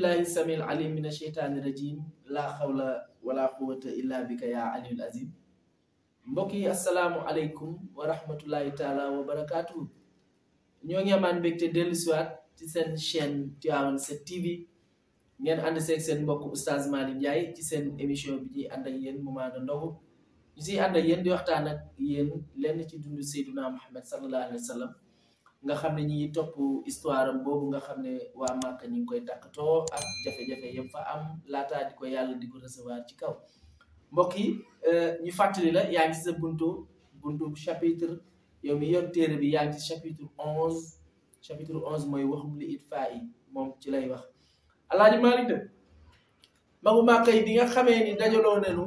laa xawla wala quwata illa bika yaa aliyul azim mbokk yi asalaamu aleykum wa rahmatullahi taala wa barakaatu ñoo ngi amaan mbégte dellusiwaat ci seen chaîne Tivaouane 7TV ngeen ànd seeg seen mbokk oustaz Malick Ndiaye ci seen émission bi ci ànd ak yéen moment de ñu siy ànd ak di waxtaan ak yéen lenn ci dund Seydina Muhammad sallallahu alayhi nga xam ne ñi ngi topp histoire boobu nga xam ne waa Màkka ñi ngi koy dàqatoo ak jafe-jafe yëpp fa am laataa di ko yàlla di ko recevoir ci kaw mbokk yi euh, ñu fàttali la yaa ngi sa buntu buntu chapitre yow mi téere bi yaa ngi ci chapitre onze chapitre onze mooy waxum li it fa yi moom ci lay wax alaaji Maalik de magu Màkka yi bi nga xamee ni dajaloo nenu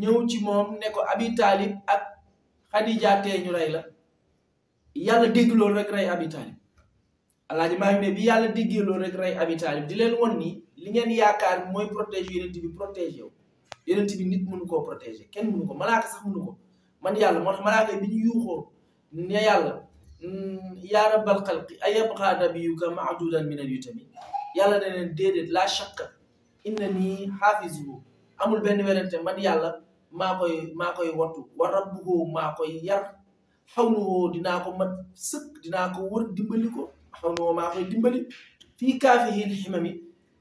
ñëw ci moom ne ko Abi ak Xadija tee ñu rey la yàlla dégg loolu rek rey Abi Taalib alaaji maa ngi ne bi yàlla déggee loolu rek rey Abi di leen won ni li ngeen yaakaar mooy protéger yonent bi protéger wu yonent bi nit mënu koo protéger kenn mënu ko malaaka sax mënu ko man yàlla moo tax malaaka bi ñu yuuxoo ne yàlla mm, yaa rabbal xalqi ayabqaa nabiyuka maadudan min al yutami yàlla ne leen déedéet laa shakka inna nii xaafizuhu amul benn werante man yàlla maa koy maa koy wattu wa rabbuhu maa koy yar xaw na dinaa ko man sëkk dinaa ko wër dimbali ko xaw na maa koy dimbali fii kaafihi ximami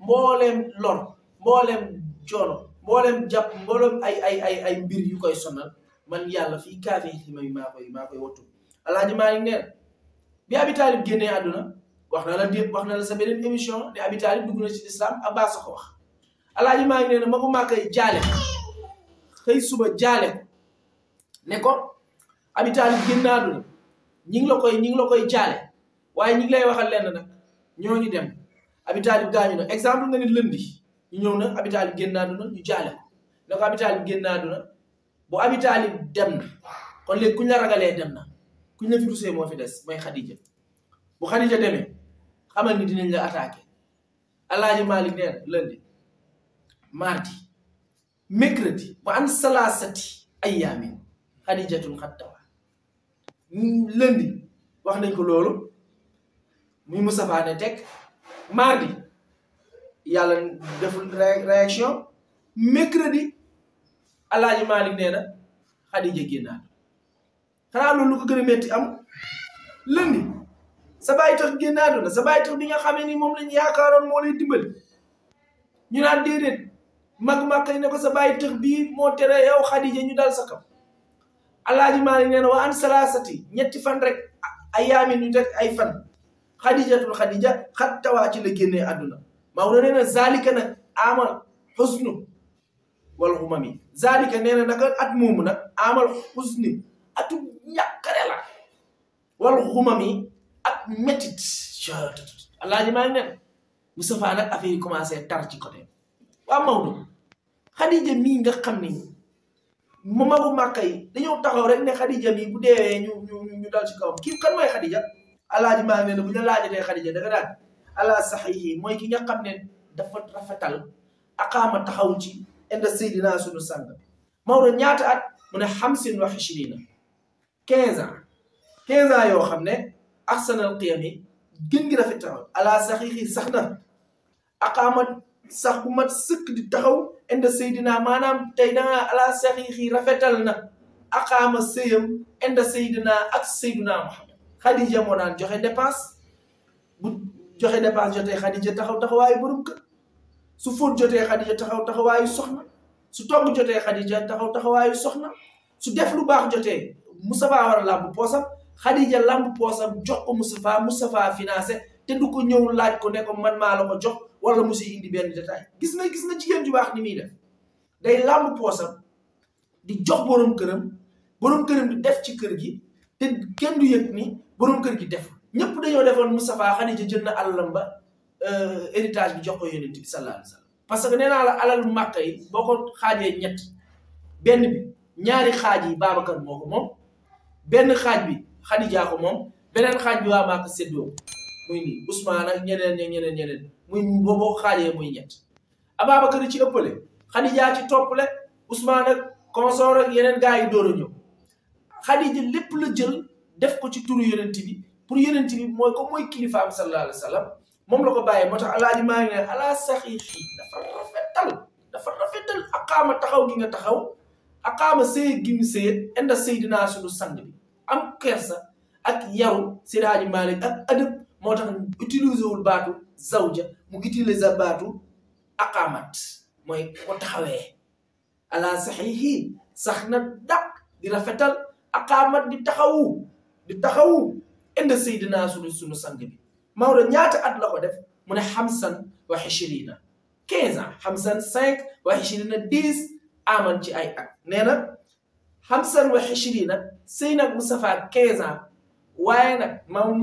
mbooleem lor mbooleem coono mbooleem jàpp mbooleem ay ay mbir yu koy sonal man yàlla fii kaafihi ximami maa koy maa wattu alaaji maa ngi neen bi Abi génnee àdduna wax na la déet wax na sa beneen émission ne Abi Taalib dugg na ci lislaam Abbas ko wax alaaji maa ngi neen ma maa koy jaale xëy suba jaale ko Abi Taalib génn àdduna ñi ngi la koy ñi ngi la koy jaale waaye ñi ngi lay waxal lenn nag ñoo ñooñu dem Abi Taalib gaañu na exemple nga ni lëndi ñu ñëw na Abi Taalib génn àdduna ñu jaale ko ne ko Abi Taalib génn àdduna bu Abi Taalib dem na kon léegi kuñ la ragalee dem na ku la fi rusee moo fi des mooy Xadija bu Xadija demee xamal ni dinañ la attaqué Alaaji Maalik nee na lundi mardi mercredi ba an salaasati ayyaamin Xadijatun xattaw lundi wax nañ ko loolu mu Moustapha ne teg mardi yàlla deful réaction mercredi Alaaji Malick nee na Xadija génnaat xanaa loolu lu ko gën a metti am lundi sa bàyyi tax génnaatu na sa bàyyi tax bi nga xamee ni moom lañ yaakaaroon moo lay dimbali ñu naan déedéet mag-mag kay ne ko sa bàyyi tax bii moo tere yow Xadija ñu dal sa alaaji maalik nee na an salaasati ñetti fan rek ay yaamin ñu teg ay fan xadijatul xadija xattawaa ci la génnee àdduna Maodo nee na zalika nag amal xusnu wal xumami zalika nee na at moomu nag amal xusni atu ñàkkare la wal xumami ak métit alaaji maalik nee na nag affaire yi commencé tar ci côté waaw mii nga xam ni mamaru màkka yi dañoo taxaw rek ne xadija bi bu deewee ñu ñu ñu dal ci kawam kii kan mooy xadija alaaji maa ngi ne bu ñu laajatee xadija da nga daan ala saxihi mooy ki nga xam ne dafa rafetal aqaama taxaw ci inda seydina sunu sang Maodo ñaata at mu ne xamsin wa xishrina quinze ans quinze ans yoo xam ne ahsanal qiyam yi gën gi rafet taxaw ala sax na aqaama sax bu mat sëkk di taxaw inda seydina maanaam tey dangaa ala saxiixi rafetal na aqaama sëyam inda seydina ak seydina Muhammad Xadija moo daan joxe dépense bu joxe dépense jotee Xadija taxaw taxawaayu borom kër su fóot jote Xadija taxaw taxawaayu soxna su togg jotee Xadija taxaw taxawaayu soxna su def lu baax jotee Moustapha war a làmb poosam Xadija làmb poosam jox ko Moustapha Moustapha financé te du ko ñëwul laaj ko ne man maa la jox wala mu si indi benn détail gis na gis na jigéen ju baax ni muy def day làmb poosam di jox borom këram borom këram di def ci kër gi te kenn du yëg ni borom kër gi def ñëpp dañoo defoon Moustapha Khadija jënd na alalam ba euh, héritage bi jox ko yonent bi sallallahu alayhi parce que nee naa la alalu màkka yi boo ko xaajee ñett benn bi ñaari xaaj yi Babacar moo ko moom benn xaaj bi Khadija ko moom beneen xaaj bi waa Màkka séddoo muy nii Ousmane ak ñeneen ña ñeneen ñeneen muy boo boo xaajee muy ñett Ababacar ci ëppale Khadija ci toppale Ousmane ak consort ak yeneen gars yi ñëw Khadija lépp la jël def ko ci turu yonent bi pour yonent bi mooy ko mooy kilifaam sallallahu alayhi wa sallam moom la ko bàyyee moo tax alaaji maa ngi ne ala saxiixi dafa rafetal dafa rafetal taxaw gi nga taxaw aqaama kaama gi mu sëyet inda seydinaa sunu bi am kersa ak yaru Seydi Haaji Maalik ak adëb moo tax utiliser wul baatu zawja mu utiliser baatu aqaamat mooy ko taxawee ala saxiixi sax na dàq di rafetal aqaamat di taxawu di taxawu inda seydina sunu sunu sang bi Maodo ñaata at la ko def mu ne xamsan wa xishirina quinze ans xamsan cinq wa xishirina dix aman ci ay at nee na xamsan wa xishirina sëy nag Moustapha quinze ans waaye nag ma